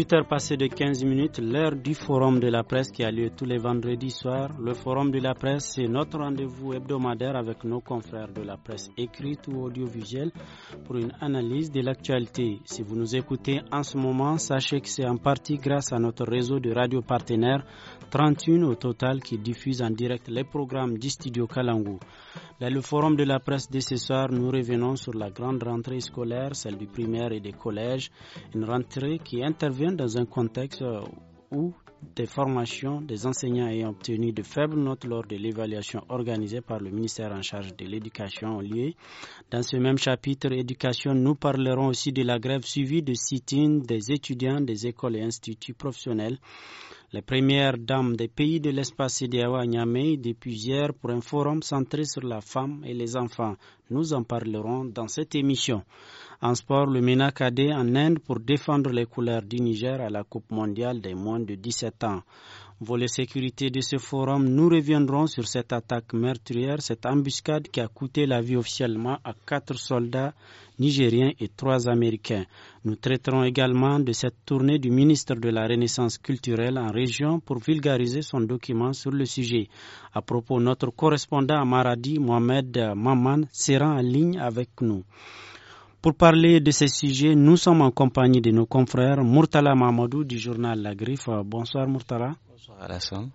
8 heures passées de 15 minutes, l'heure du forum de la presse qui a lieu tous les vendredis soirs. Le forum de la presse, c'est notre rendez-vous hebdomadaire avec nos confrères de la presse écrite ou audiovisuelle pour une analyse de l'actualité. Si vous nous écoutez en ce moment, sachez que c'est en partie grâce à notre réseau de radio partenaires 31 au total qui diffusent en direct les programmes du studio Kalangu. Dans le forum de la presse de ce soir, nous revenons sur la grande rentrée scolaire, celle du primaire et des collèges, une rentrée qui intervient dans un contexte euh, où des formations des enseignants ayant obtenu de faibles notes lors de l'évaluation organisée par le ministère en charge de l'éducation ont lieu. Dans ce même chapitre éducation, nous parlerons aussi de la grève suivie de sit des étudiants des écoles et instituts professionnels les premières dames des pays de l'espace CDAO à Niamey depuis hier pour un forum centré sur la femme et les enfants. Nous en parlerons dans cette émission. En sport, le MENA Cadet en Inde pour défendre les couleurs du Niger à la Coupe mondiale des moins de 17 ans. Volet sécurité de ce forum, nous reviendrons sur cette attaque meurtrière, cette embuscade qui a coûté la vie officiellement à quatre soldats nigériens et trois américains. Nous traiterons également de cette tournée du ministre de la Renaissance culturelle en région pour vulgariser son document sur le sujet. À propos, notre correspondant à Maradi, Mohamed Maman, sera en ligne avec nous. Pour parler de ces sujets, nous sommes en compagnie de nos confrères Murtala Mamadou du journal La Griffe. Bonsoir Murtala. Bonsoir Alassane.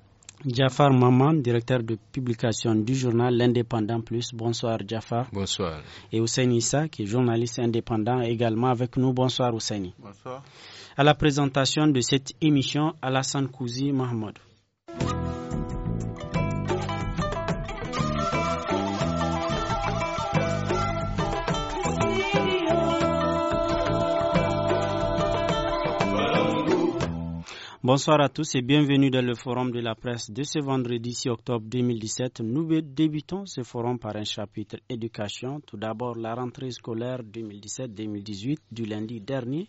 Jafar Maman, directeur de publication du journal L'Indépendant Plus. Bonsoir Jafar. Bonsoir. Et Hussein Issa, qui est journaliste indépendant également avec nous. Bonsoir Hussein. Bonsoir. À la présentation de cette émission, Alassane Kouzi Mahmoud. Bonsoir à tous et bienvenue dans le forum de la presse de ce vendredi 6 octobre 2017. Nous débutons ce forum par un chapitre éducation. Tout d'abord, la rentrée scolaire 2017-2018 du lundi dernier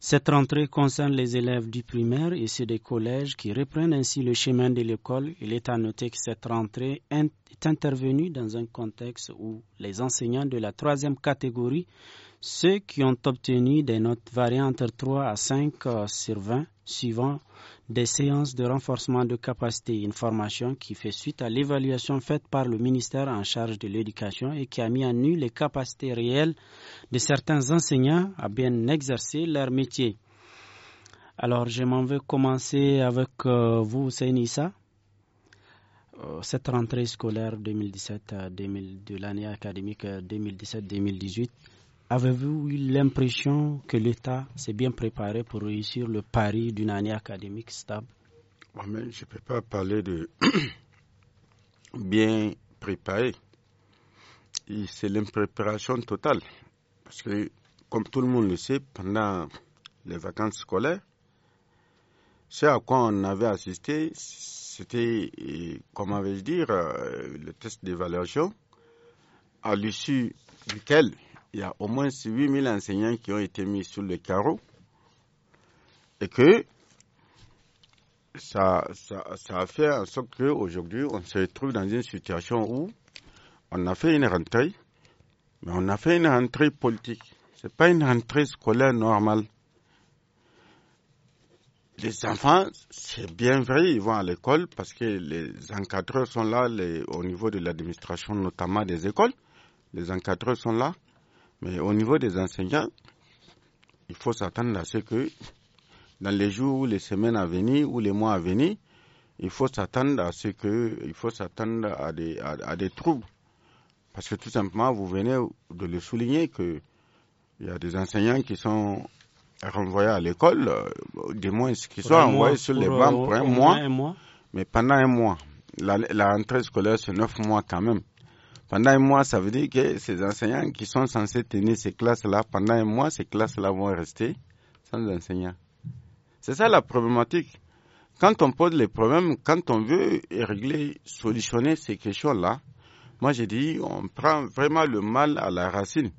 cette rentrée concerne les élèves du primaire et ceux des collèges qui reprennent ainsi le chemin de l'école. Il est à noter que cette rentrée est intervenue dans un contexte où les enseignants de la troisième catégorie, ceux qui ont obtenu des notes variant entre 3 à 5 euh, sur 20, suivant des séances de renforcement de capacité, une formation qui fait suite à l'évaluation faite par le ministère en charge de l'éducation et qui a mis en nu les capacités réelles de certains enseignants à bien exercer leur métier. Alors, je m'en veux commencer avec euh, vous, Seynissa. Euh, cette rentrée scolaire 2017 de l'année académique 2017-2018 Avez-vous eu l'impression que l'État s'est bien préparé pour réussir le pari d'une année académique stable ah, Je ne peux pas parler de bien préparé. C'est l'impréparation totale. Parce que, comme tout le monde le sait, pendant les vacances scolaires, ce à quoi on avait assisté, c'était, comment vais-je dire, euh, le test d'évaluation, à l'issue duquel il y a au moins 8000 enseignants qui ont été mis sur le carreau et que ça, ça, a fait en sorte qu'aujourd'hui, on se trouve dans une situation où on a fait une rentrée, mais on a fait une rentrée politique. Ce n'est pas une rentrée scolaire normale. Les enfants, c'est bien vrai, ils vont à l'école parce que les encadreurs sont là, au niveau de l'administration, notamment des écoles. Les encadreurs sont là. Mais au niveau des enseignants, il faut s'attendre à ce que dans les jours, ou les semaines à venir ou les mois à venir, il faut s'attendre à ce que, il faut s'attendre à des, à, des troubles. Parce que tout simplement, vous venez de le souligner que il y a des enseignants qui sont renvoyés à l'école, euh, du moins qui sont envoyés sur les euh, bancs pour un mois, mais pendant un mois. La, la rentrée scolaire, c'est neuf mois quand même. Pendant un mois, ça veut dire que ces enseignants qui sont censés tenir ces classes-là, pendant un mois, ces classes-là vont rester sans enseignants. C'est ça la problématique. Quand on pose les problèmes, quand on veut régler, solutionner ces questions-là, moi j'ai dit, on prend vraiment le mal à la racine.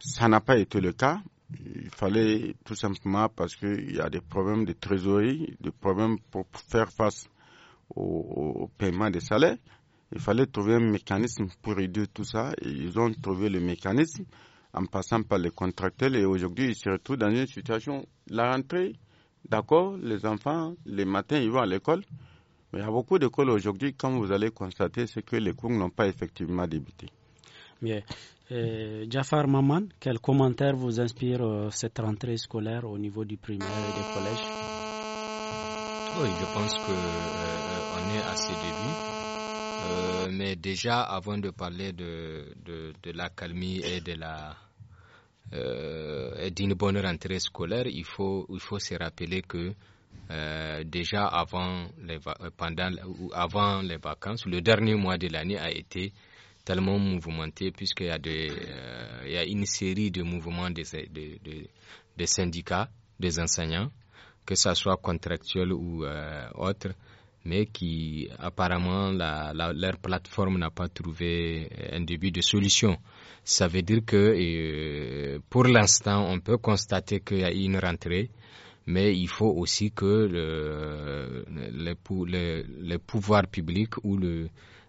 Ça n'a pas été le cas. Il fallait tout simplement parce qu'il y a des problèmes de trésorerie, des problèmes pour faire face au, au paiement des salaires. Il fallait trouver un mécanisme pour réduire tout ça. Et ils ont trouvé le mécanisme en passant par les contractuels et aujourd'hui ils se retrouvent dans une situation, la rentrée, d'accord, les enfants, les matins, ils vont à l'école. Mais il y a beaucoup d'écoles aujourd'hui, comme vous allez constater, c'est que les cours n'ont pas effectivement débuté. Bien. Euh, Jafar Maman, quel commentaire vous inspire euh, cette rentrée scolaire au niveau du primaire et des collèges Oui, je pense qu'on euh, est à ses débuts. Euh, mais déjà, avant de parler de, de, de et de la euh, d'une bonne rentrée scolaire, il faut, il faut se rappeler que euh, déjà avant les, pendant, avant les vacances, le dernier mois de l'année a été tellement mouvementé puisqu'il y, a une série de mouvements des, syndicats, des enseignants, que ce soit contractuel ou autre, mais qui apparemment leur plateforme n'a pas trouvé euh, un début de solution. Ça veut dire que euh, pour l'instant, on peut constater qu'il y a une rentrée, mais il faut aussi que le, pouvoir public ou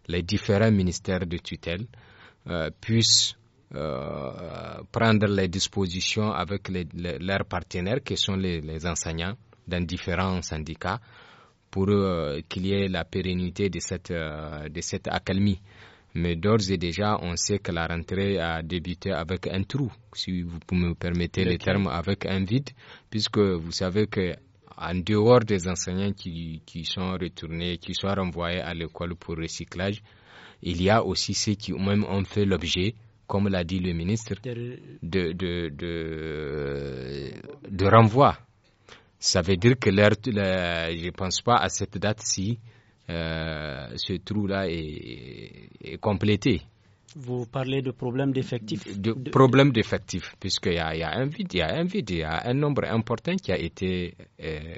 les différents ministères de tutelle euh, puissent prendre les dispositions avec leurs partenaires qui sont les, enseignants d'un différents syndicats pour euh, qu'il y ait la pérennité de cette, euh, de cette accalmie. Mais d'ores et déjà, on sait que la rentrée a débuté avec un trou, si vous me permettez le terme, avec un vide, puisque vous savez que en dehors des enseignants qui, qui sont retournés, qui sont renvoyés à l'école pour recyclage, il y a aussi ceux qui même ont fait l'objet, comme l'a dit le ministre, de, de, de, de renvoi ça veut dire que l'air, je ne pense pas à cette date si euh, ce trou-là est, est, complété. Vous parlez de problème d'effectifs de, problème d'effectifs, puisqu'il y, y, a un vide, il y a un vide, il y a un nombre important qui a été euh,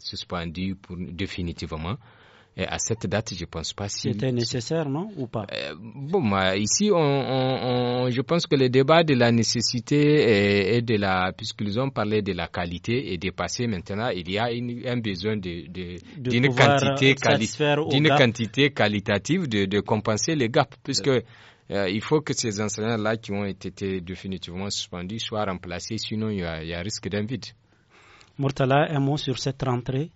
suspendu pour, définitivement et à cette date, je ne pense pas si. C'était nécessaire, non Ou pas euh, Bon, ici, on, je pense que le débat de la nécessité et, de la. Puisqu'ils ont parlé de la qualité et passés, maintenant, il y a un besoin d'une de, de, d'une quantité, quantité, qualitative de, compenser les gaps. Puisque. Euh, il faut que ces enseignants-là qui ont été définitivement suspendus soient remplacés, sinon il y a, il y a risque d'un vide. Murtala, un mot sur cette rentrée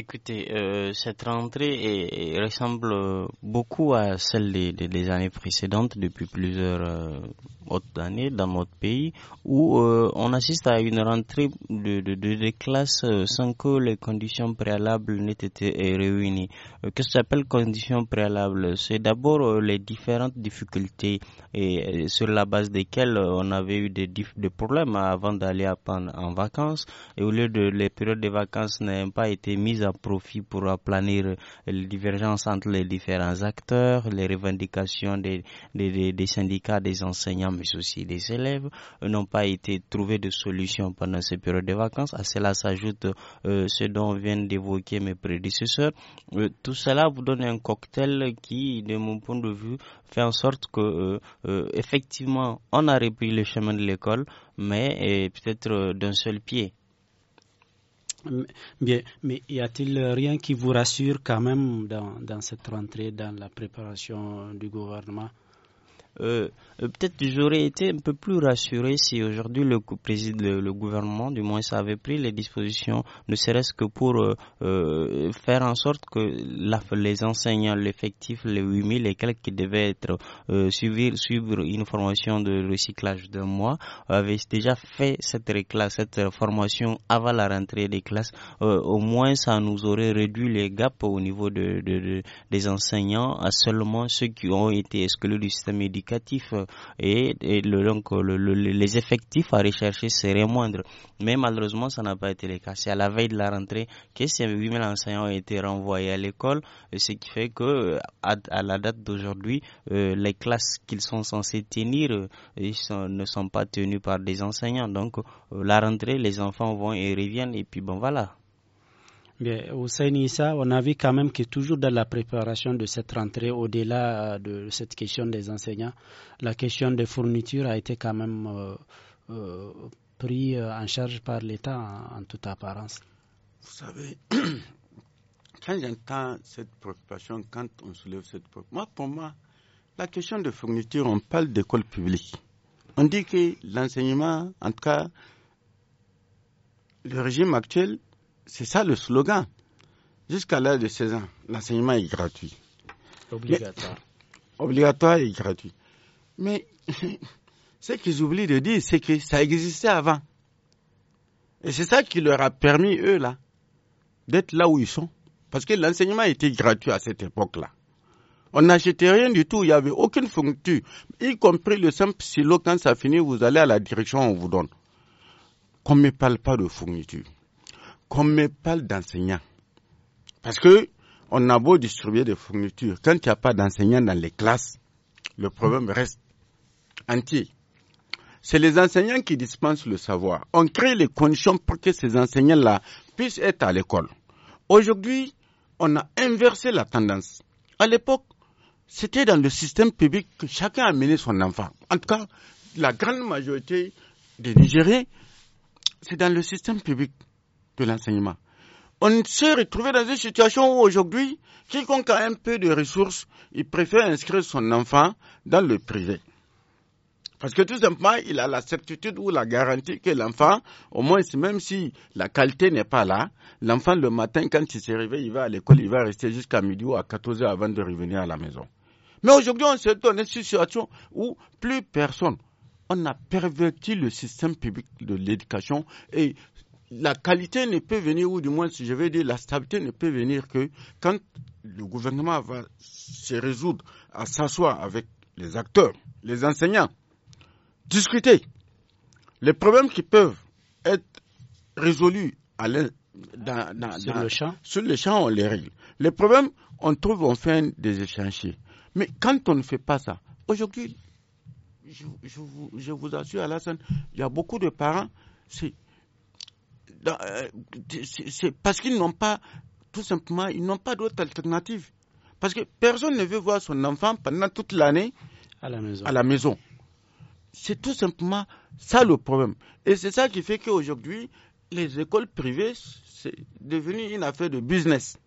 Écoutez, euh, cette rentrée ressemble beaucoup à celle des, années précédentes depuis plusieurs euh, autres années dans notre pays où euh, on assiste à une rentrée de, de, classes sans que les conditions préalables n'aient été réunies. que s'appelle conditions préalables C'est d'abord les différentes difficultés et, sur la base desquelles on avait eu des, problèmes avant d'aller en, en vacances et au lieu de les périodes de vacances n'aient pas été mises profit pour aplanir les divergences entre les différents acteurs, les revendications des, syndicats, des enseignants, mais aussi des élèves, euh, n'ont pas été trouvées de solution pendant ces périodes de vacances. À cela s'ajoute euh, ce dont viennent d'évoquer mes prédécesseurs. Euh, tout cela vous donne un cocktail qui, de mon point de vue, fait en sorte que, effectivement, on a repris le chemin de l'école, mais peut-être d'un seul pied. Bien, mais y a-t-il rien qui vous rassure quand même dans, dans cette rentrée, dans la préparation du gouvernement euh, euh, peut-être j'aurais été un peu plus rassuré si aujourd'hui le, président le gouvernement, du moins, ça avait pris les dispositions, ne serait-ce que pour euh, faire en sorte que les enseignants, l'effectif, les 8000 et quelques qui devaient être suivre, suivre une formation de recyclage d'un mois, avaient déjà fait cette cette formation avant la rentrée des classes. au moins, ça nous aurait réduit les gaps au niveau de, des enseignants à seulement ceux qui ont été exclus du système éducatif euh, et, le, donc euh, les effectifs à rechercher seraient moindres. Mais malheureusement, ça n'a pas été le cas. C'est à la veille de la rentrée que ces 8000 enseignants ont été renvoyés à l'école, ce qui fait que à, la date d'aujourd'hui, euh, les classes qu'ils sont censés tenir ne sont pas tenues par des enseignants. Donc la rentrée, les enfants vont et reviennent et puis bon voilà. Au sein de on a vu quand même que toujours dans la préparation de cette rentrée, au-delà euh, de cette question des enseignants, la question des fournitures a été quand même euh, euh prise euh, en charge par l'État en, toute apparence. Vous savez, quand j'entends cette préoccupation, quand on soulève cette préoccupation, moi, pour moi, la question de fournitures, on parle d'école publique. On dit que l'enseignement, en tout cas, le régime actuel c'est ça le slogan. Jusqu'à l'âge de 16 ans, l'enseignement est gratuit. Obligatoire. obligatoire et gratuit. Mais ce qu'ils oublient de dire, c'est que ça existait avant. Et c'est ça qui leur a permis, eux, là, d'être là où ils sont. Parce que l'enseignement était gratuit à cette époque-là. On n'achetait rien du tout, il n'y avait aucune fourniture, y compris le simple silo, quand ça finit, vous allez à la direction, on vous donne. Qu'on ne me parle pas de fourniture qu'on met pas d'enseignants. Parce que on a beau distribuer des fournitures, quand il n'y a pas d'enseignants dans les classes, le problème reste entier. C'est les enseignants qui dispensent le savoir. On crée les conditions pour que ces enseignants-là puissent être à l'école. Aujourd'hui, on a inversé la tendance. À l'époque, c'était dans le système public que chacun amenait son enfant. En tout cas, la grande majorité des Nigériens, c'est dans le système public l'enseignement. On s'est retrouvé dans une situation où aujourd'hui, quiconque a un peu de ressources, il préfère inscrire son enfant dans le privé. Parce que tout simplement, il a la certitude ou la garantie que l'enfant, au moins même si la qualité n'est pas là, l'enfant le matin, quand il se réveille, il va à l'école, il va rester jusqu'à midi ou à 14 heures avant de revenir à la maison. Mais aujourd'hui, on se trouve dans une situation où plus personne. On a perverti le système public de l'éducation et la qualité ne peut venir, ou du moins, si je veux dire, la stabilité ne peut venir que quand le gouvernement va se résoudre à s'asseoir avec les acteurs, les enseignants, discuter. Les problèmes qui peuvent être résolus à dans, sur, le champ. sur le champ, on les règle. Les problèmes, on trouve, on fait des échanges. Mais quand on ne fait pas ça, aujourd'hui, je, vous, je vous assure, Alassane, il y a beaucoup de parents, euh, c'est parce qu'ils n'ont pas, tout simplement, ils n'ont pas d'autre alternative. Parce que personne ne veut voir son enfant pendant toute l'année à la maison. À la maison. C'est tout simplement ça le problème. Et c'est ça qui fait qu'aujourd'hui, les écoles privées, c'est devenu une affaire de business.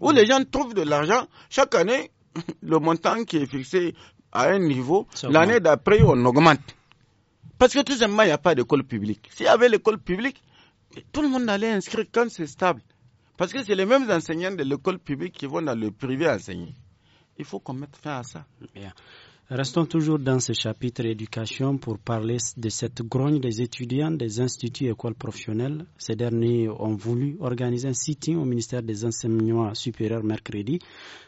Où les gens trouvent de l'argent, chaque année, le montant qui est fixé à un niveau, l'année d'après, on augmente. Parce que tout simplement, il n'y a pas d'école publique. S'il y avait l'école publique, tout le monde allait inscrire quand c'est stable. Parce que c'est les mêmes enseignants de l'école publique qui vont dans le privé enseigner. Il faut qu'on mette fin à ça. Restons toujours dans ce chapitre éducation pour parler de cette grogne des étudiants des instituts et écoles professionnelles. Ces derniers ont voulu organiser un sitting au ministère des Enseignements supérieurs mercredi.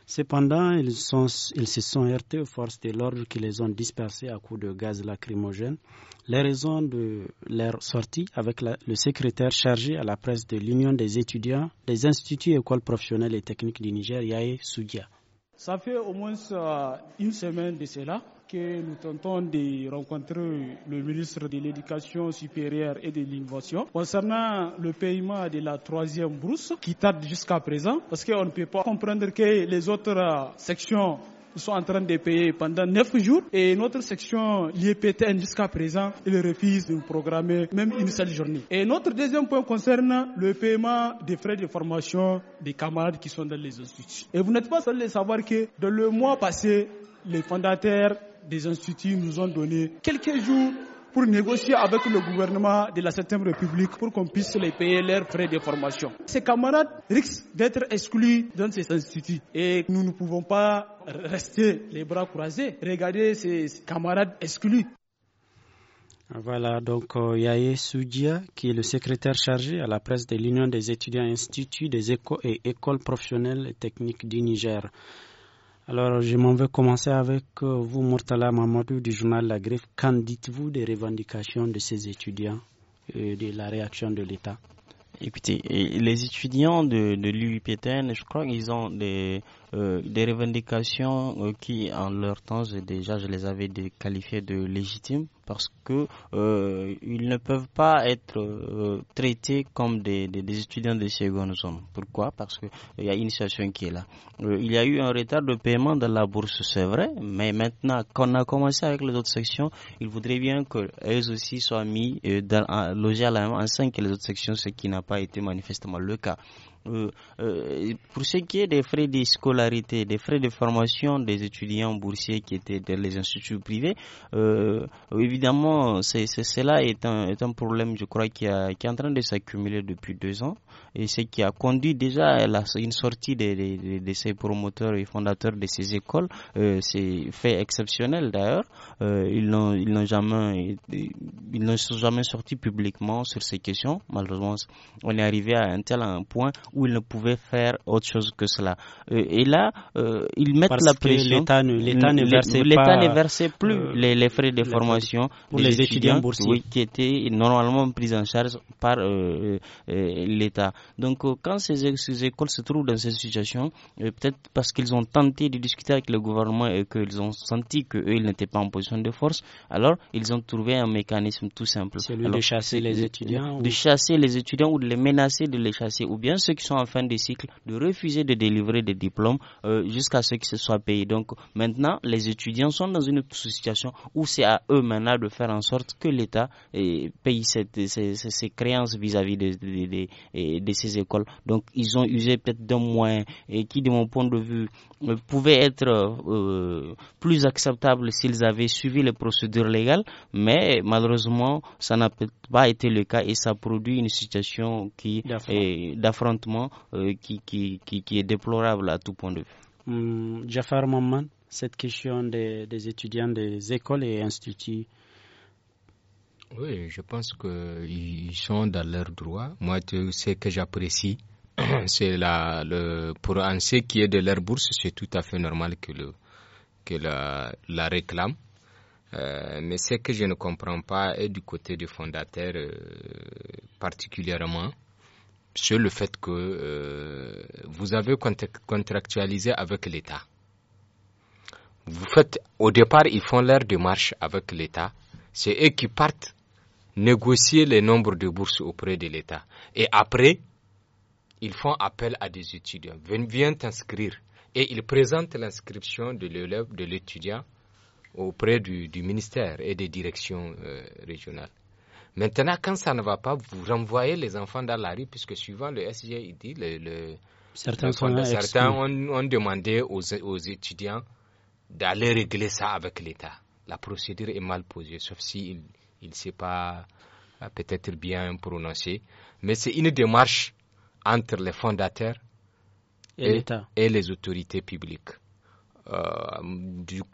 Cependant, ils, ils se sont heurtés aux forces de l'ordre qui les ont dispersés à coups de gaz lacrymogène les raisons de leur sortie avec le secrétaire chargé à la presse de l'Union des étudiants des instituts et écoles professionnelles et techniques du Niger, Yahé Soudia. Ça fait au moins euh, une semaine de cela que nous tentons de rencontrer le ministre de l'Éducation supérieure et de l'Innovation concernant le paiement de la troisième brousse qui tarde jusqu'à présent parce qu'on ne peut pas comprendre que les autres euh, sections nous sommes en train de payer pendant neuf jours et notre section l'IEPTN jusqu'à présent, ils refuse de programmer même une seule journée. Et notre deuxième point concerne le paiement des frais de formation des camarades qui sont dans les instituts. Et vous n'êtes pas seul à savoir que dans le mois passé, les fondateurs des instituts nous ont donné quelques jours pour négocier avec le gouvernement de la 7 République pour qu'on puisse les payer leurs frais de formation. Ces camarades risquent d'être exclus dans ces instituts et nous ne pouvons pas rester les bras croisés. Regardez ces camarades exclus. Voilà donc euh, Yaye Soudia, qui est le secrétaire chargé à la presse de l'Union des étudiants instituts des écoles et écoles professionnelles et techniques du Niger. Alors, je m'en vais commencer avec euh, vous, Murtala Mamadou, du journal La Griffe. Qu'en dites-vous des revendications de ces étudiants et de la réaction de l'État Écoutez, les étudiants de, de l'UIPTN, je crois qu'ils ont des, euh, des revendications euh, qui, en leur temps, déjà, je les avais qualifiées de légitimes parce que euh, ils ne peuvent pas être traités comme des, des, étudiants de seconde zone. Pourquoi Parce qu'il y a une situation qui est là. il y a eu un retard de paiement de la bourse, c'est vrai, mais maintenant qu'on a commencé avec les autres sections, il voudraient bien que qu'elles aussi soient mis dans, logées à la même enceinte que les autres sections, ce qui n'a pas été manifestement le cas. Euh, euh, pour ce qui est des frais de scolarité, des frais de formation des étudiants boursiers qui étaient dans les instituts privés, euh, évidemment, c'est, cela est un, problème, je crois, qui, est en train de s'accumuler depuis deux ans et ce qui a conduit déjà à la, une sortie de, ces promoteurs et fondateurs de ces écoles. c'est fait exceptionnel d'ailleurs. ils n'ont, ils n'ont jamais, ils ne sont jamais sortis publiquement sur ces questions. Malheureusement, on est arrivé à un tel point où ils ne pouvaient faire autre chose que cela. Euh, et là, euh, ils mettent la pression. L'État ne, versait plus euh, les, frais de formation pour les étudiants, boursiers. oui, qui étaient normalement pris en charge par l'État. Donc, quand ces, écoles se trouvent dans cette situation, peut-être parce qu'ils ont tenté de discuter avec le gouvernement et qu'ils ont senti qu'eux, ils n'étaient pas en position de force, alors ils ont trouvé un mécanisme tout simple. Celui de chasser les étudiants De chasser les étudiants ou de les menacer de les chasser, ou bien ceux qui en fin de cycle, de refuser de délivrer des diplômes euh, jusqu'à ce que ce soit payé. Donc maintenant, les étudiants sont dans une situation où c'est à eux maintenant de faire en sorte que l'État eh, paye ses créances vis-à-vis eh, de, ces écoles. Donc ils ont usé peut-être d'un moyen et qui, de mon point de vue, euh, pouvaient être euh, plus acceptables s'ils avaient suivi les procédures légales, mais malheureusement, ça n'a pas été le cas et ça produit une situation qui d'affrontement euh, qui, est déplorable à tout point de vue. Hum, Jafar Maman, cette question des, étudiants des écoles et instituts oui, je pense qu'ils sont dans leurs droits. Moi, tu sais que j'apprécie c'est la, le, pour qui est de l'air bourse, c'est tout à fait normal que, le, que la, la réclame. Euh, mais ce que je ne comprends pas est du côté du fondateur euh, particulièrement, sur le fait que euh, vous avez contractualisé avec l'État. Vous faites, au départ, ils font de démarche avec l'État. C'est eux qui partent négocier les nombres de bourses auprès de l'État. Et après, ils font appel à des étudiants. Viens t'inscrire. Et ils présentent l'inscription de l'élève, de l'étudiant, auprès du, ministère et des directions euh, régionales. Maintenant, quand ça ne va pas, vous renvoyez les enfants dans la rue, puisque suivant le SGID, le, certains, certains ont, demandé aux, étudiants d'aller régler ça avec l'État. La procédure est mal posée, sauf s'il si ne sait pas euh, peut-être bien prononcé. Mais c'est une démarche entre les fondateurs et, les autorités publiques. Euh,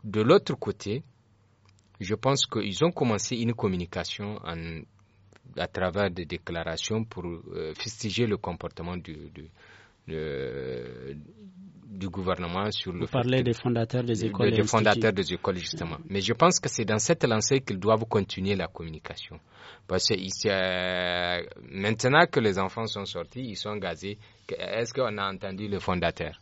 de l'autre côté, je pense qu'ils ont commencé une communication en, à travers des déclarations pour euh, fustiger le comportement du, du, du gouvernement sur le. Vous parlez des fondateurs des écoles. Des, fondateurs des écoles, justement. Mais je pense que c'est dans cette lancée qu'ils doivent continuer la communication. Parce que ici, euh, maintenant que les enfants sont sortis, ils sont gazés, est-ce qu'on a entendu le fondateur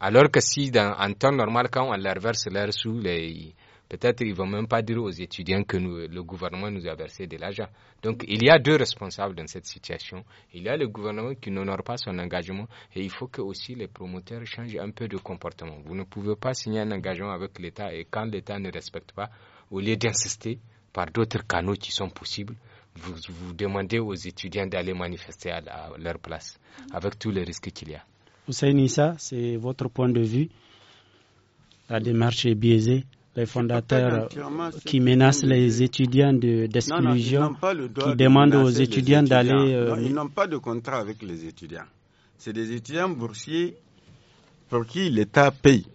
alors que si, en temps normal, quand on leur verse l'air sous les, Peut-être ils vont même pas dire aux étudiants que le gouvernement nous a versé de l'argent. Donc il y a deux responsables dans cette situation. Il y a le gouvernement qui n'honore pas son engagement et il faut que aussi les promoteurs changent un peu de comportement. Vous ne pouvez pas signer un engagement avec l'État et quand l'État ne respecte pas, au lieu d'insister par d'autres canaux qui sont possibles, vous, vous demandez aux étudiants d'aller manifester à, leur place, avec tous les risques qu'il y a. savez Issa, c'est votre point de vue. La démarche est biaisée les fondateurs qui menacent les étudiants d'exclusion, qui demandent aux étudiants d'aller. Euh, ils n'ont pas de contrat avec les étudiants. C'est des étudiants boursiers pour qui l'État paye.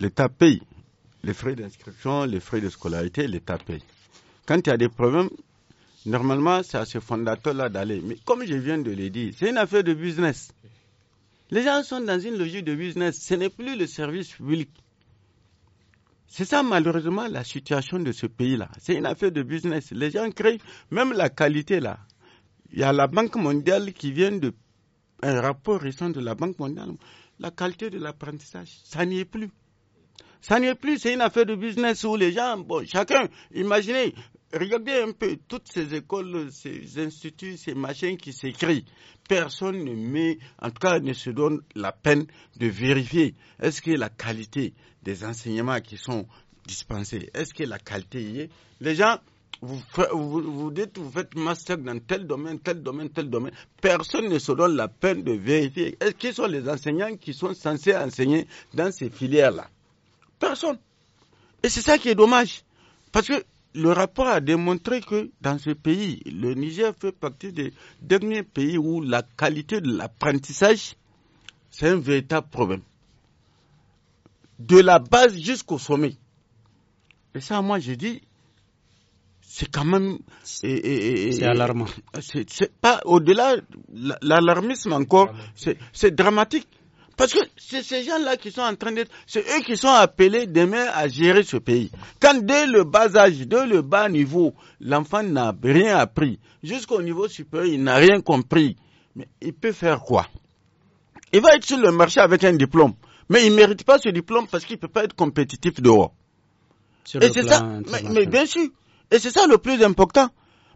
L'État paye les frais d'inscription, les frais de scolarité, l'État paye. Quand il y a des problèmes, normalement, c'est à ce fondateur-là d'aller. Mais comme je viens de le dire, c'est une affaire de business. Les gens sont dans une logique de business. Ce n'est plus le service public. C'est ça, malheureusement, la situation de ce pays-là. C'est une affaire de business. Les gens créent même la qualité, là. Il y a la Banque mondiale qui vient de. Un rapport récent de la Banque mondiale. La qualité de l'apprentissage, ça n'y est plus. Ça n'y est plus. C'est une affaire de business où les gens, bon, chacun, imaginez, regardez un peu toutes ces écoles, ces instituts, ces machines qui s'écrivent. Personne ne met, en tout cas, ne se donne la peine de vérifier. Est-ce que la qualité, des enseignements qui sont dispensés, est-ce que la qualité y est Les gens, vous, vous, dites, vous faites master dans tel domaine, tel domaine, tel domaine. Personne ne se donne la peine de vérifier. Est-ce qu'ils sont les enseignants qui sont censés enseigner dans ces filières-là Personne. Et c'est ça qui est dommage. Parce que le rapport a démontré que dans ce pays, le Niger fait partie des derniers pays où la qualité de l'apprentissage, c'est un véritable problème de la base jusqu'au sommet. Et ça, moi, je dis, c'est quand même. C'est alarmant. C'est pas au-delà, l'alarmisme encore, c'est dramatique. Parce que c'est ces gens-là qui sont en train d'être, c'est eux qui sont appelés demain à gérer ce pays. Quand dès le bas âge, dès le bas niveau, l'enfant n'a rien appris, jusqu'au niveau supérieur, il n'a rien compris, mais il peut faire quoi Il va être sur le marché avec un diplôme. Mais il ne mérite pas ce diplôme parce qu'il ne peut pas être compétitif dehors. Et c'est ça, mais, bien sûr. Et c'est ça le plus important.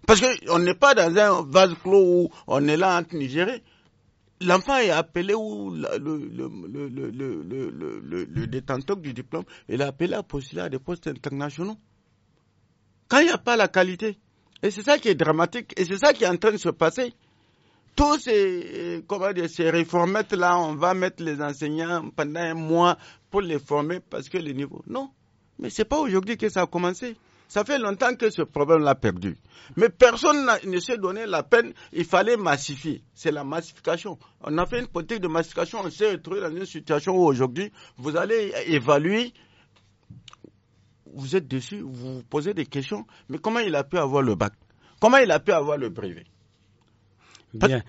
Parce qu'on n'est pas dans un vase clos où on est là en Nigeria. L'enfant est appelé ou le, le, le, le, détenteur du diplôme, il a appelé à postuler à des postes internationaux. Quand il n'y a pas la qualité. Et c'est ça qui est dramatique. Et c'est ça qui est en train de se passer tous ces, comment dire, ces réformettes-là, on va mettre les enseignants pendant un mois pour les former parce que les niveaux... Non. Mais c'est pas aujourd'hui que ça a commencé. Ça fait longtemps que ce problème l'a perdu. Mais personne ne s'est donné la peine. Il fallait massifier. C'est la massification. On a fait une politique de massification. On s'est retrouvé dans une situation où aujourd'hui, vous allez évaluer. Vous êtes dessus, vous vous posez des questions. Mais comment il a pu avoir le bac Comment il a pu avoir le brevet Bien.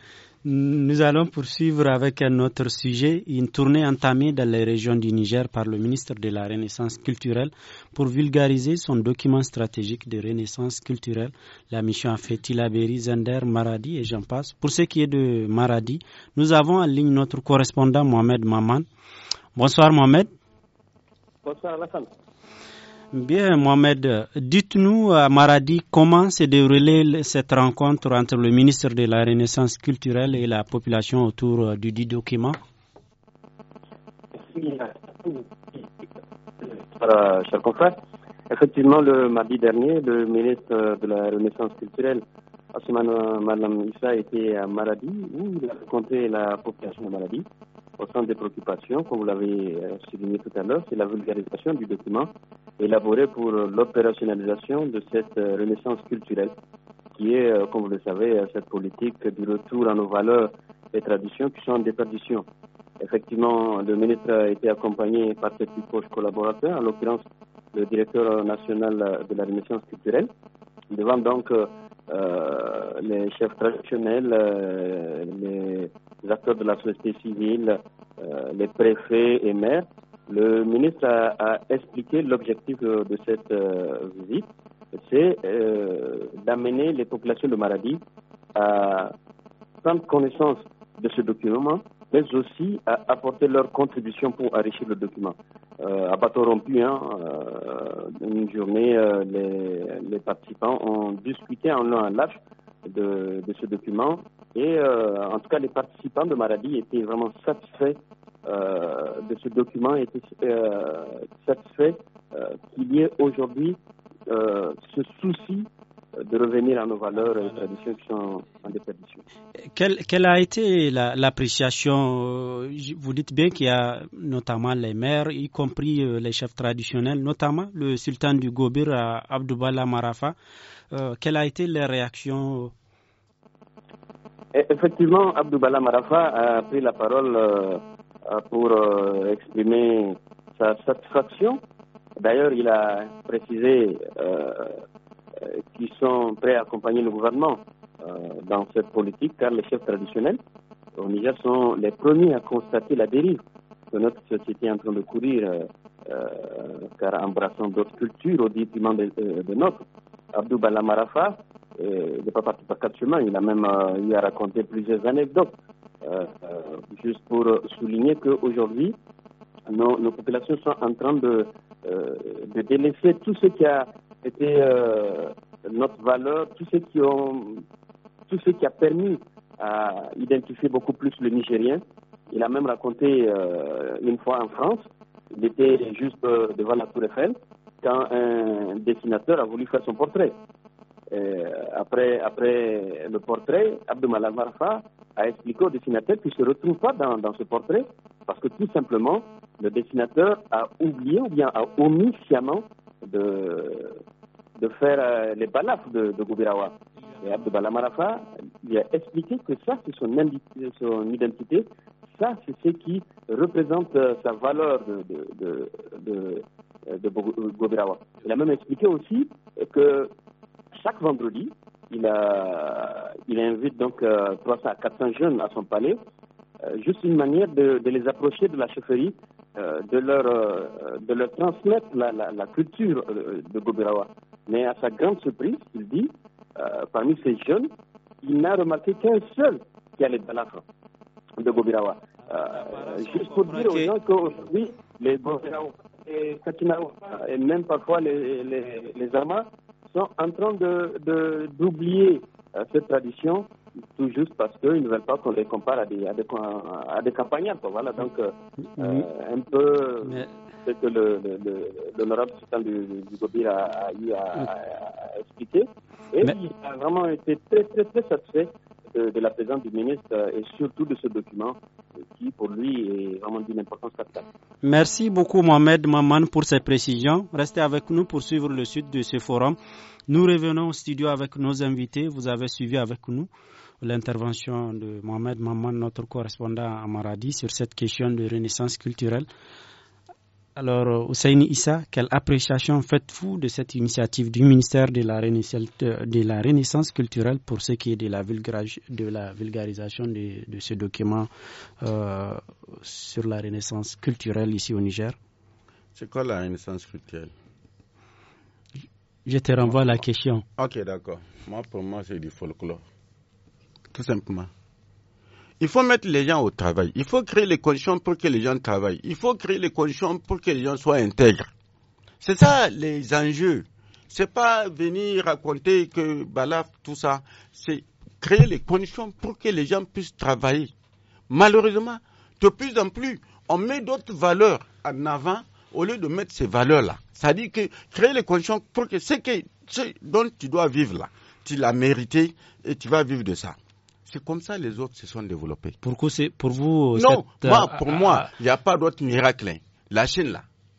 Nous allons poursuivre avec un autre sujet, une tournée entamée dans les régions du Niger par le ministre de la Renaissance culturelle pour vulgariser son document stratégique de renaissance culturelle. La mission a fait Tilaberi, Zender, Maradi et j'en passe. Pour ce qui est de Maradi, nous avons en ligne notre correspondant Mohamed Maman. Bonsoir Mohamed. Bonsoir Alassane. Bien, Mohamed, dites-nous à Maradi comment s'est déroulée cette rencontre entre le ministre de la Renaissance culturelle et la population autour euh, du dit document. Effectivement, le mardi dernier, le ministre euh, de la Renaissance culturelle, Asman euh, Malam Issa, était à Maradi où il a rencontré la population de Maradi au centre des préoccupations, comme vous l'avez euh, souligné tout à l'heure, c'est la vulgarisation du document élaboré pour l'opérationnalisation de cette euh, renaissance culturelle qui est, euh, comme vous le savez, cette politique du retour à nos valeurs et traditions qui sont des traditions. Effectivement, le ministre a été accompagné par ses plus proches collaborateurs, en l'occurrence le directeur national de la renaissance culturelle, devant donc euh, les chefs traditionnels, euh, les acteurs de la société civile, euh, les préfets et maires. Le ministre a, expliqué l'objectif de cette visite, c'est d'amener les populations de Maradi à prendre connaissance de ce document mais aussi à apporter leur contribution pour enrichir le document. Euh, à bateau rompu, hein, euh, une journée, euh, les, participants ont discuté en long à large de, de, ce document et euh, en tout cas les participants de Maradi étaient vraiment satisfaits de ce document, étaient satisfaits qu'il y ait aujourd'hui ce souci de revenir à nos valeurs et traditions qui sont en déperdition. Quelle, quelle a été l'appréciation euh, Vous dites bien qu'il y a notamment les maires, y compris euh, les chefs traditionnels, notamment le sultan du Gobir, euh, Abdoubala Marafa. quelle a été leur réaction eh, Effectivement, Abdoubala Marafa a pris la parole pour exprimer sa satisfaction. D'ailleurs, il a précisé euh, qui sont prêts à accompagner le gouvernement euh, dans cette politique, car les chefs traditionnels au Niger sont les premiers à constater la dérive que notre société est en train de courir, euh, car embrassant d'autres cultures au détriment de, notre. Abdou Balamarafa, n'est pas parti par quatre chemins, il a même eu à raconter plusieurs anecdotes, juste pour souligner qu'aujourd'hui, nos, nos populations sont en train de, de délaisser tout ce qui a c'était euh, notre valeur, tout ce qui ont, tout ce qui a permis à identifier beaucoup plus le Nigérien. Il a même raconté euh, une fois en France, il était juste euh, devant la Tour Eiffel quand un dessinateur a voulu faire son portrait. après, après le portrait, Abdoumalak Marfa a expliqué au dessinateur qu'il ne se retrouve pas dans, ce portrait parce que tout simplement, le dessinateur a oublié ou bien a omis sciemment de, de faire euh, les balafres de, de Goubirawa. Et Abdelbala Marafa lui a expliqué que ça, c'est son, son, identité, ça, c'est ce qui représente euh, sa valeur de, de, de, euh, Il a même expliqué aussi que chaque vendredi, il, a, il invite donc 300 à 400 jeunes à son palais, juste une manière de, de les approcher de la chefferie euh, de, leur, euh, de leur transmettre la, la, culture euh, de Gobirawa. Mais à sa grande surprise, il dit, parmi ces jeunes, il n'a remarqué qu'un seul qui a les balafres de Gobirawa. juste pour dire aux gens qu'aujourd'hui, les Gobirawa et Katinao, et même parfois les, les, Amas, sont en train d'oublier de, cette tradition tout juste parce qu'ils ne veulent pas qu'on les compare à des, à des, à des campagnards. Quoi. Voilà, donc, euh, euh un peu ce que l'honorable le, sultan du, du Gobir a, eu à, expliquer. Et il a vraiment été très, très, très satisfait de, la présence du ministre et surtout de ce document qui, pour lui, est vraiment d'une importance capitale. Merci beaucoup, Mohamed Maman, pour ces précisions. Restez avec nous pour suivre le suite de ce forum. Nous revenons au studio avec nos invités. Vous avez suivi avec nous l'intervention de Mohamed Maman, notre correspondant à Maradi, sur cette question de renaissance culturelle. Alors, Hussein euh, Issa, quelle appréciation faites-vous de cette initiative du ministère de la, Renaissance euh, culturelle pour ce qui est de la, vulgarisation de, ce document euh, sur la Renaissance culturelle ici au Niger C'est quoi la Renaissance culturelle Je te renvoie à la question. Ok, d'accord. Moi, pour moi, c'est du folklore tout simplement. Il faut mettre les gens au travail. Il faut créer les conditions pour que les gens travaillent. Il faut créer les conditions pour que les gens soient intègres. C'est ça les enjeux. C'est pas venir raconter que balaf tout ça. C'est créer les conditions pour que les gens puissent travailler. Malheureusement, de plus en plus, on met d'autres valeurs en avant au lieu de mettre ces valeurs-là. à dire que créer les conditions pour que ce, que ce dont tu dois vivre là, tu l'as mérité et tu vas vivre de ça. C'est comme ça les autres se sont développés. Pour, pour vous Non, euh, moi, pour moi, ah, ah. il n'y a pas d'autre miracle. Hein. La Chine,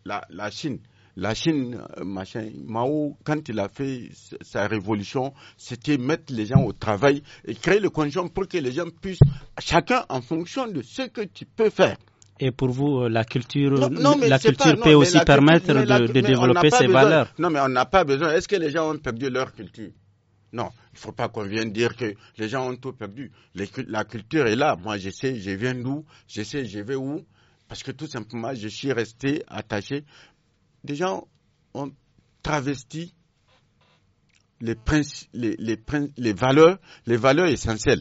là, la, Chine, la Chine, euh, machin, Mao, quand il a fait sa révolution, c'était mettre les gens au travail et créer le conjoint pour que les gens puissent, chacun en fonction de ce que tu peux faire. Et pour vous, euh, la culture, non, la culture peut aussi permettre de, développer ses valeurs. Non, mais on n'a pas besoin. Est-ce que les gens ont perdu leur culture non, il ne faut pas qu'on vienne dire que les gens ont tout perdu. la culture est là. Moi, je sais, je viens d'où, je sais, je vais où. Parce que tout simplement, je suis resté attaché. Des gens ont travesti les, les, les valeurs, les valeurs essentielles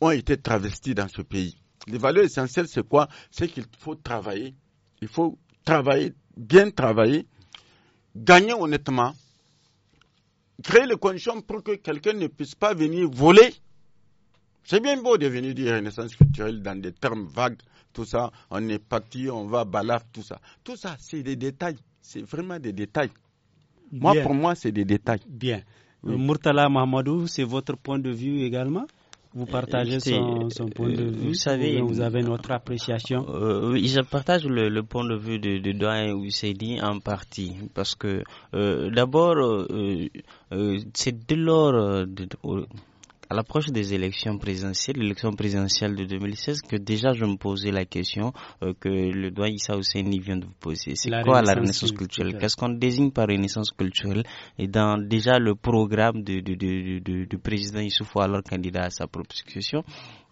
ont été travesties dans ce pays. Les valeurs essentielles, c'est quoi C'est qu'il faut travailler. Il faut travailler, bien travailler, gagner honnêtement, créer les conditions pour que quelqu'un ne puisse pas venir voler. C'est bien beau de venir dire renaissance culturelle dans des termes vagues, tout ça, on est parti, on va balaf, tout ça. Tout ça, c'est des détails, c'est vraiment des détails. pour moi, c'est des détails. Bien. Murtala Mamadou, c'est votre point de vue également vous partagez son, point euh, de vue Vous savez, vous avez notre appréciation euh, Oui, je partage le, point de vue de, de Doyen Ousseidi en partie. Parce que, euh, d'abord, euh, euh c'est de l'or euh, à l'approche des élections présidentielles, l'élection présidentielle de 2016, que déjà je me posais la question euh, que le doigt Issa Hosseini vient de vous poser. C'est quoi la renaissance culturelle Qu'est-ce qu'on désigne par renaissance culturelle Et dans déjà le programme du de, de, de, président Issoufou, alors candidat à sa propre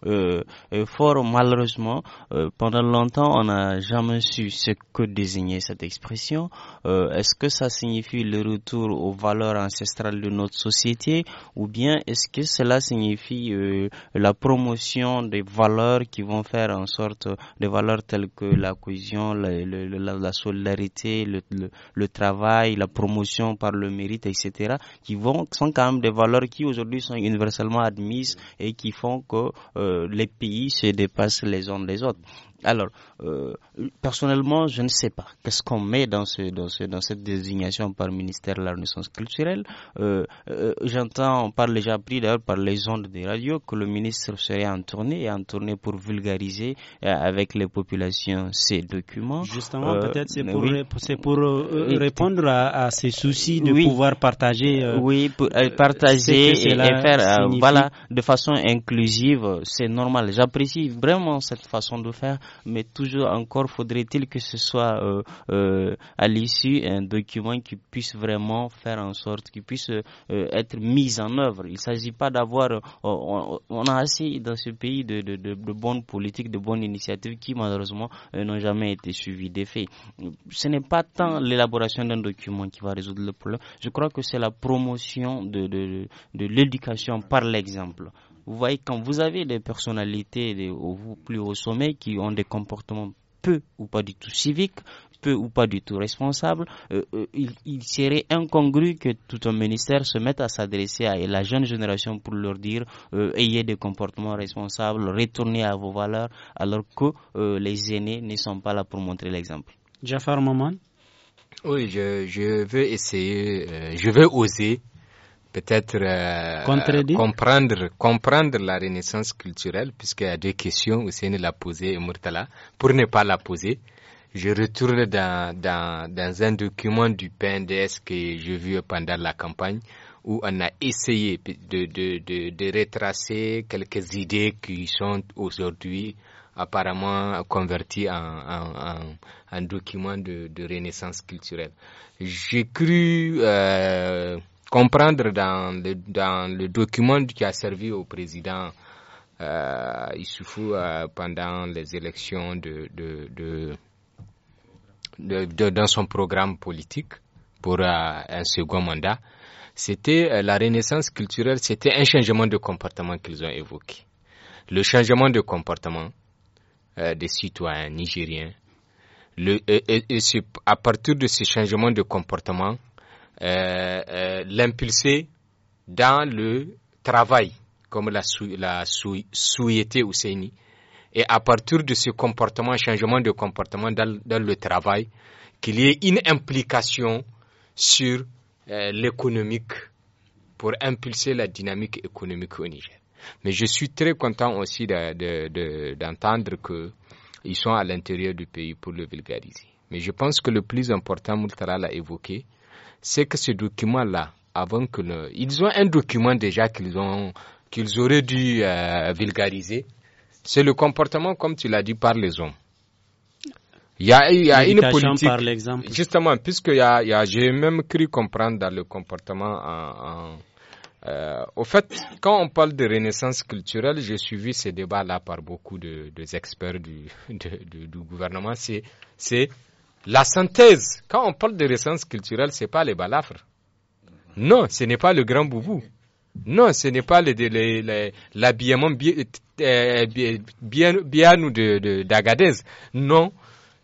euh, euh, fort malheureusement, euh, pendant longtemps, on n'a jamais su ce que désignait cette expression. est-ce que ça signifie le retour aux valeurs ancestrales de notre société ou bien est-ce que cela signifie la promotion des valeurs qui vont faire en sorte des valeurs telles que la cohésion, la, solidarité, le, le, travail, la promotion par le mérite, etc., qui vont, sont quand même des valeurs qui aujourd'hui sont universellement admises et qui font que les pays se dépassent les uns les autres. Alors, euh, personnellement, je ne sais pas qu'est-ce qu'on met dans, ce, dans, cette désignation par le ministère de la Renaissance culturelle. Euh, euh, j'entends, on parle déjà appris d'ailleurs par les ondes des radios que le ministre serait en tournée en tournée pour vulgariser avec les populations ces documents. Justement, peut-être c'est pour, répondre à, ces soucis de pouvoir partager. oui, partager et, et, faire voilà, de façon inclusive, c'est normal. J'apprécie vraiment cette façon de faire mais toujours encore faudrait-il que ce soit euh, euh, à l'issue un document qui puisse vraiment faire en sorte qu'il puisse euh, être mis en œuvre. Il ne s'agit pas d'avoir, on, a assez dans ce pays de, bonnes politiques, de bonnes initiatives qui malheureusement n'ont jamais été suivies d'effet. Ce n'est pas tant l'élaboration d'un document qui va résoudre le problème, je crois que c'est la promotion de l'éducation par l'exemple. Vous voyez, quand vous avez des personnalités au plus haut sommet qui ont des comportements peu ou pas du tout civiques, peu ou pas du tout responsables, euh, euh, il, serait incongru que tout un ministère se mette à s'adresser à la jeune génération pour leur dire euh, ayez des comportements responsables, retournez à vos valeurs, alors que les aînés ne sont pas là pour montrer l'exemple. Jafar Maman. Oui, je, je, veux essayer, je veux oser peut-être euh, comprendre, comprendre la renaissance culturelle, puisqu'il y a deux questions, Hussein l'a poser et Murtala. Pour ne pas la poser, je retourne dans, dans, dans un document du PNDS que j'ai vu pendant la campagne, où on a essayé de, de, de, retracer quelques idées qui sont aujourd'hui apparemment converties en, en, en, document de, de, renaissance culturelle. J'ai cru euh, comprendre dans le, dans le document qui a servi au président euh, Issoufou euh, pendant les élections de, de, dans son programme politique pour euh, un second mandat, c'était euh, la renaissance culturelle, c'était un changement de comportement qu'ils ont évoqué. Le changement de comportement des citoyens nigériens. Le, et à partir de ce changement de comportement, euh, euh, l'impulser dans le travail, comme l'a souhaité Ousseini. Et à partir de ce comportement, changement de comportement dans, le travail, qu'il y ait une implication sur euh, l'économique pour impulser la dynamique économique au Niger. Mais je suis très content aussi d'entendre de, ils qu'ils sont à l'intérieur du pays pour le vulgariser. Mais je pense que le plus important, Moultara l'a évoqué, c'est que ce document-là, avant que le... Ils ont un document déjà qu'ils ont qu'ils auraient dû euh, vulgariser. C'est le comportement, comme tu l'as dit, par les hommes. Il y a, il y a une politique. justement, puisque y a, j'ai même cru comprendre dans le comportement euh, au fait, quand on parle de renaissance culturelle, j'ai suivi ces débats-là par beaucoup de, de experts du, du gouvernement. C'est la synthèse, quand on parle de renaissance culturelle, ce n'est pas les balafres. Non, ce n'est pas le grand boubou. Non, ce n'est pas l'habillement euh, bien, ou d'Agadez. non,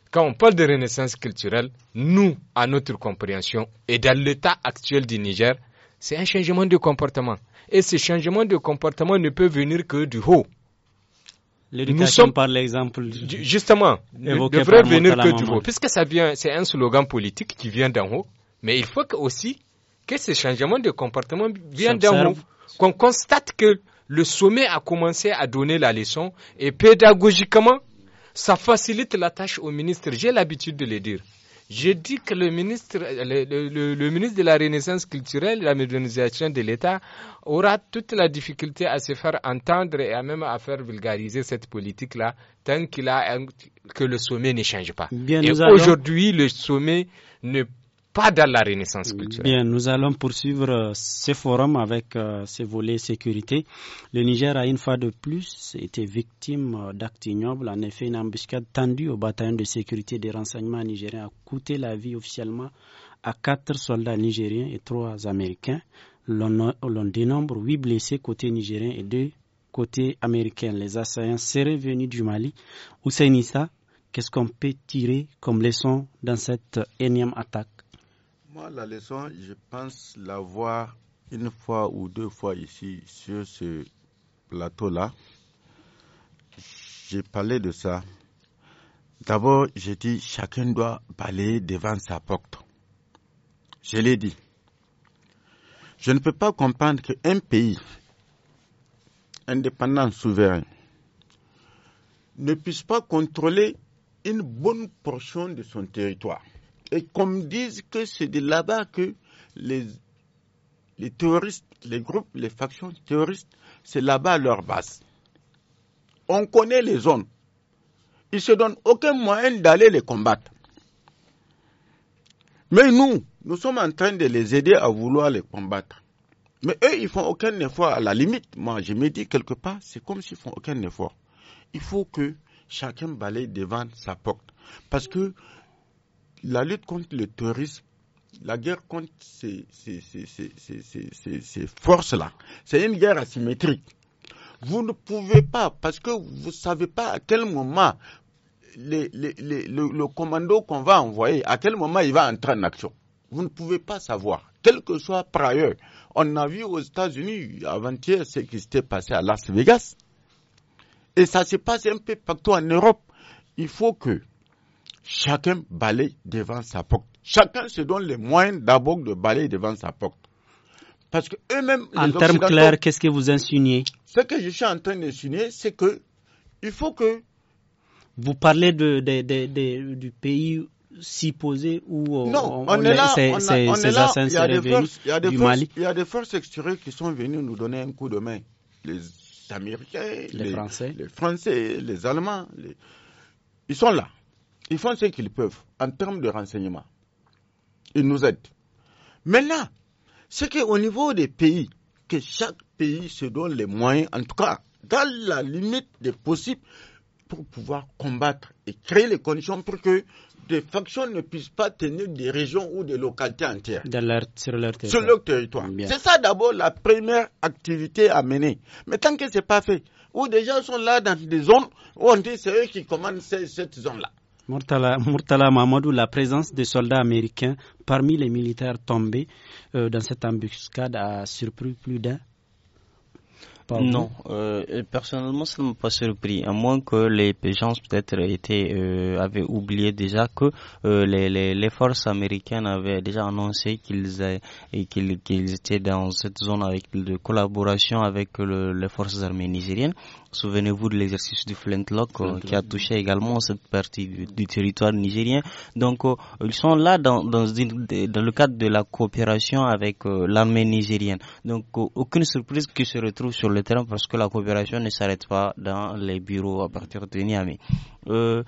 quand on parle de renaissance culturelle, nous, à notre compréhension, et dans l'état actuel du Niger, c'est un changement de comportement. Et ce changement de comportement ne peut venir que du haut. Nous sommes... par l'exemple. Justement, devrait venir que du haut. Puisque ça vient, c'est un slogan politique qui vient d'en haut, mais il faut aussi que ces changements de comportement viennent d'en haut. Qu'on constate que le sommet a commencé à donner la leçon et pédagogiquement, ça facilite la tâche au ministre. J'ai l'habitude de le dire. Je dis que le ministre, le, ministre de la Renaissance culturelle, la modernisation de l'État, aura toute la difficulté à se faire entendre et à même à faire vulgariser cette politique-là tant qu'il a que le sommet ne change pas. et aujourd'hui, le sommet ne pas dans la renaissance culturelle. Bien, nous allons poursuivre euh, ce forum avec euh, ce volet sécurité. Le Niger a une fois de plus été victime euh, d'actes ignobles. En effet, une embuscade tendue au bataillon de sécurité des renseignements nigériens a coûté la vie officiellement à quatre soldats nigériens et trois américains. L'on dénombre huit blessés côté nigérien et deux côté américain. Les assaillants seraient venus du Mali. c'est qu'est-ce qu'on peut tirer comme leçon dans cette énième attaque moi, la leçon, je pense l'avoir une fois ou deux fois ici sur ce plateau-là. J'ai parlé de ça. D'abord, j'ai dit chacun doit balayer devant sa porte. Je l'ai dit. Je ne peux pas comprendre qu'un pays indépendant, souverain, ne puisse pas contrôler une bonne portion de son territoire et comme disent que c'est de là-bas que les, terroristes, les groupes, les factions terroristes, c'est là-bas leur base. On connaît les zones. Ils se donnent aucun moyen d'aller les combattre. Mais nous, nous sommes en train de les aider à vouloir les combattre. Mais eux, ils font aucun effort. À la limite, moi, je me dis quelque part, c'est comme s'ils font aucun effort. Il faut que chacun balaye devant sa porte. Parce que la lutte contre le terrorisme, la guerre contre ces, forces-là, c'est une guerre asymétrique. Vous ne pouvez pas, parce que vous ne savez pas à quel moment le, le, commando qu'on va envoyer, à quel moment il va entrer en action. Vous ne pouvez pas savoir, quel que soit par ailleurs. On a vu aux États-Unis avant-hier ce qui s'était passé à Las Vegas. Et ça se passe un peu partout en Europe. Il faut que Chacun balaye devant sa porte. Chacun se donne les moyens d'abord de balayer devant sa porte. Parce que eux-mêmes. En termes clairs, qu'est-ce que vous insinuez Ce que je suis en train d'insinuer, c'est que il faut que. Vous parlez de, du pays supposé où euh, non, on, on, est là, il y a des forces, il y a des forces extérieures qui sont venues nous donner un coup de main. Les Américains, les, Français, les Français, les Allemands, ils sont là. Ils font ce qu'ils peuvent en termes de renseignement. Ils nous aident. Maintenant, c'est qu'au niveau des pays, que chaque pays se donne les moyens, en tout cas dans la limite des possibles, pour pouvoir combattre et créer les conditions pour que des factions ne puissent pas tenir des régions ou des localités entières. sur leur territoire. C'est ça d'abord la première activité à mener. Mais tant que ce n'est pas fait, où des gens sont là dans des zones où on dit c'est eux qui commandent cette zone-là. Murtala, Murtala la présence des soldats américains parmi les militaires tombés euh, dans cette embuscade a surpris plus d'un non, euh, personnellement, ça ne m'a pas surpris, à moins que les gens peut-être euh, avaient oublié déjà que les, forces américaines avaient déjà annoncé qu'ils étaient dans cette zone avec de collaboration avec les forces armées nigériennes Souvenez-vous de l'exercice du Flintlock, euh, qui a touché également cette partie du, territoire nigérien. Donc euh, ils sont là dans, dans, le cadre de la coopération avec euh, l'armée nigérienne. Donc aucune surprise qu'ils se retrouvent sur le terrain parce que la coopération ne s'arrête pas dans les bureaux à partir de Niamey. J'ai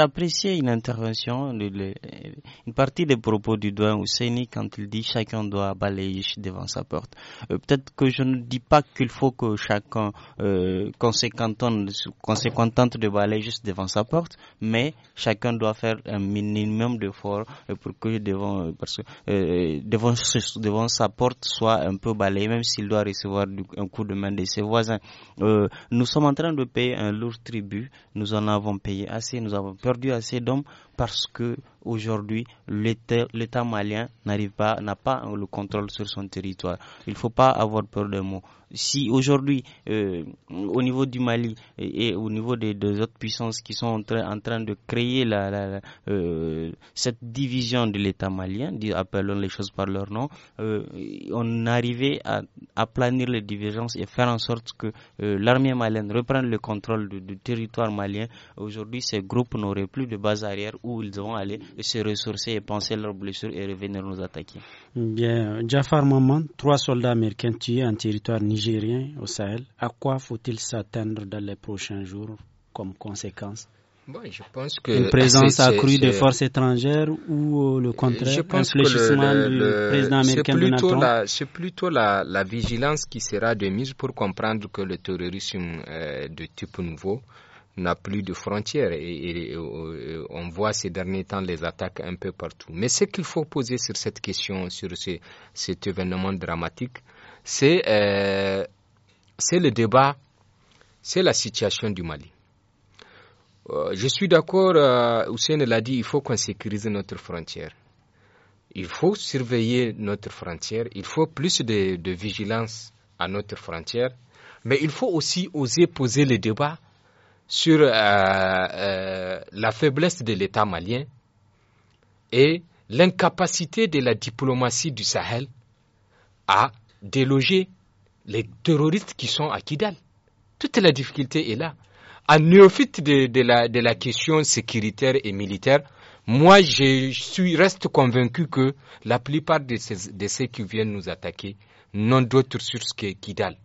apprécié une intervention, une partie des propos du doyen Ousseini quand il dit chacun doit balayer devant sa porte. Peut-être que je ne dis pas qu'il faut que chacun euh, se de balayer juste devant sa porte, mais chacun doit faire un minimum d'efforts euh, pour que devant, euh, euh, devant, sa porte soit un peu balayé, même s'il doit recevoir un coup de main de ses voisins. nous sommes en train de payer un lourd tribut, nous en avons payé assez, nous avons perdu assez d'hommes parce que aujourd'hui l'État malien n'arrive pas, n'a pas le contrôle sur son territoire. Il ne faut pas avoir peur des mots si aujourd'hui, euh, au niveau du Mali et, au niveau des, autres puissances qui sont en, train de créer euh, cette division de l'État malien, appelons les choses par leur nom, euh, on arrivait à planir les divergences et faire en sorte que l'armée malienne reprenne le contrôle du, territoire malien. Aujourd'hui, ces groupes n'auraient plus de base arrière où ils vont aller se ressourcer et penser leurs blessures et revenir nous attaquer. Bien, Jafar Maman, trois soldats américains tués en territoire au Sahel, à quoi faut-il s'attendre dans les prochains jours comme conséquence pense que une présence accrue des forces étrangères ou euh, le contraire je pense un C'est plutôt la, vigilance qui sera de mise pour comprendre que le terrorisme euh, de type nouveau n'a plus de frontières et, euh, on voit ces derniers temps les attaques un peu partout. Mais ce qu'il faut poser sur cette question, sur ce, cet événement dramatique, c'est euh, le débat, c'est la situation du Mali. Euh, je suis d'accord, euh, Hussein l'a dit, il faut qu'on sécurise notre frontière. Il faut surveiller notre frontière, il faut plus de, vigilance à notre frontière, mais il faut aussi oser poser le débat sur euh, euh, la faiblesse de l'État malien et l'incapacité de la diplomatie du Sahel à déloger les terroristes qui sont à Kidal. Toute la difficulté est là. En néophyte de, la, question sécuritaire et militaire, moi, je suis, reste convaincu que la plupart de, ceux qui viennent nous attaquer n'ont d'autre ce que Kidal.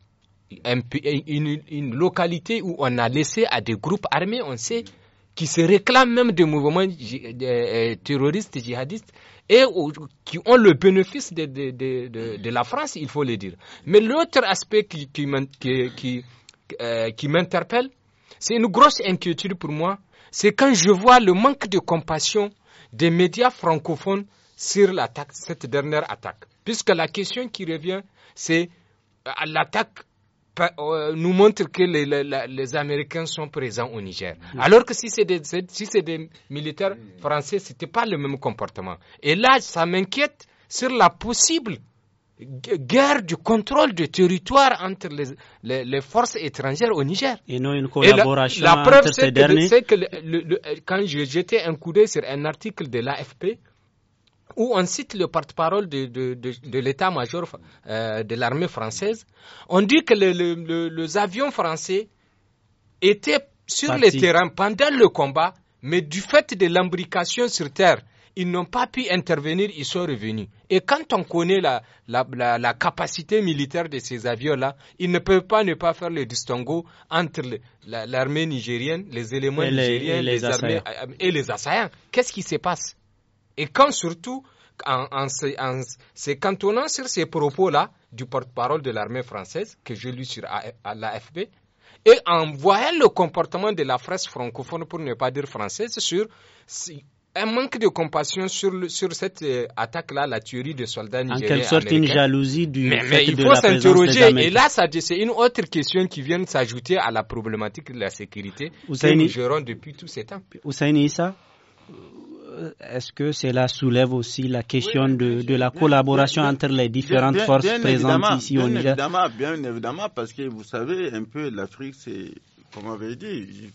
une, localité où on a laissé à des groupes armés, on sait, qui se réclament même des mouvements euh, euh, terroristes, djihadistes, et qui ont le bénéfice de, de, de la France, il faut le dire. Mais l'autre aspect qui, qui, qui, euh, qui m'interpelle, c'est une grosse inquiétude pour moi, c'est quand je vois le manque de compassion des médias francophones sur l'attaque, cette dernière attaque. Puisque la question qui revient, c'est euh, l'attaque euh, nous montre que les, Américains sont présents au Niger. Alors que si c'est des, militaires français, ce n'était pas le même comportement. Et là, ça m'inquiète sur la possible guerre du contrôle du territoire entre les, forces étrangères au Niger. Et la, preuve, c'est Que, le, le, quand un coup d'œil sur un article de l'AFP, où on cite le porte-parole de, l'état-major euh, de l'armée française, on dit que les avions français étaient sur le terrain pendant le combat, mais du fait de l'embrication sur terre, ils n'ont pas pu intervenir, ils sont revenus. Et quand on connaît la, capacité militaire de ces avions-là, ils ne peuvent pas ne pas faire le distinguo entre l'armée nigérienne, les éléments nigériens, et les assaillants. Qu'est-ce qui se passe et quand surtout, en, en, en se cantonnant sur ces propos-là du porte-parole de l'armée française, que j'ai lu sur l'AFB et en voyant le comportement de la presse francophone, pour ne pas dire française, sur un manque de compassion sur, sur cette euh, attaque-là, la tuerie de soldats nigériens. En quelque sorte, une jalousie du. Mais, mais il faut s'interroger. Et là, c'est une autre question qui vient s'ajouter à la problématique de la sécurité que nous gérons depuis tous ces temps. Oussaini Issa, euh, est-ce que cela soulève aussi la question de, la collaboration entre les différentes forces présentes ici au Niger Bien évidemment, parce que vous savez, un peu l'Afrique, c'est, comme on avait dit,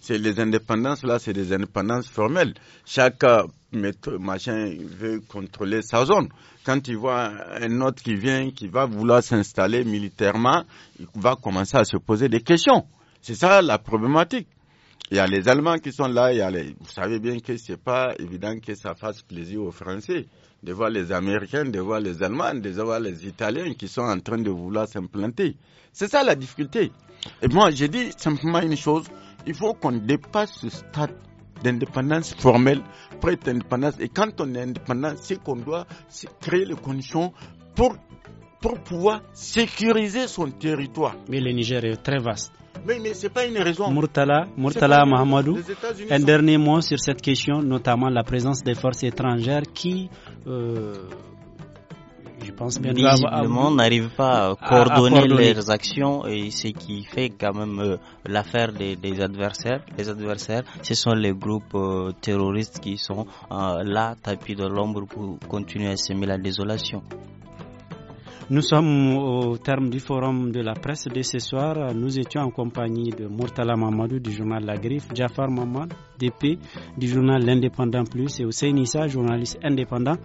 c'est les indépendances, là, c'est des indépendances formelles. Chaque euh, machin veut contrôler sa zone. Quand il voit un autre qui vient, qui va vouloir s'installer militairement, il va commencer à se poser des questions. C'est ça la problématique. Il y a les Allemands qui sont là, vous savez bien que ce n'est pas évident que ça fasse plaisir aux Français de voir les Américains, de voir les Allemands, de voir les Italiens qui sont en train de vouloir s'implanter. C'est ça la difficulté. Et moi, j'ai dit simplement une chose, il faut qu'on dépasse ce stade d'indépendance formelle, prête indépendance. Et quand on est indépendant, c'est qu'on doit créer les conditions pour, pour pouvoir sécuriser son territoire. Mais le Niger est très vaste. Mais, ce pas une raison. Murtala, Murtala Mahamadou, un dernier mot sur cette question, notamment la présence des forces étrangères qui. Euh, je pense bien n'arrive pas à coordonner, leurs actions et ce qui fait quand même euh, l'affaire des, adversaires les adversaires ce sont les groupes euh, terroristes qui sont là tapis dans l'ombre pour continuer à semer la désolation nous sommes au terme du forum de la presse de ce soir. Nous étions en compagnie de Murtala Mamadou du journal La Griffe, Jafar Mamad, DP du journal L'Indépendant Plus et Hussein Issa, journaliste indépendant.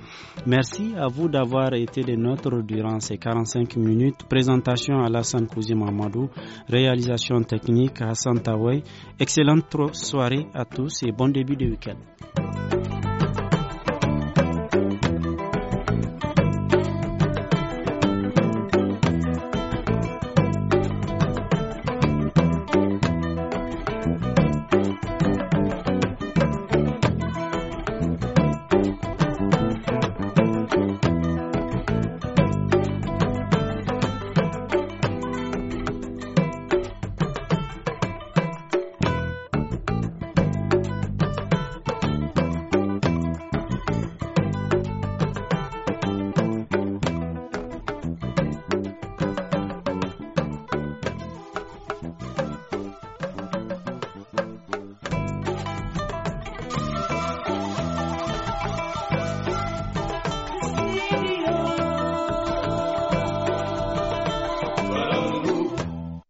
Merci à vous d'avoir été des nôtres durant ces 45 minutes. Présentation à la Kouzi Mamadou, réalisation technique à santa Excellente soirée à tous et bon début de week-end.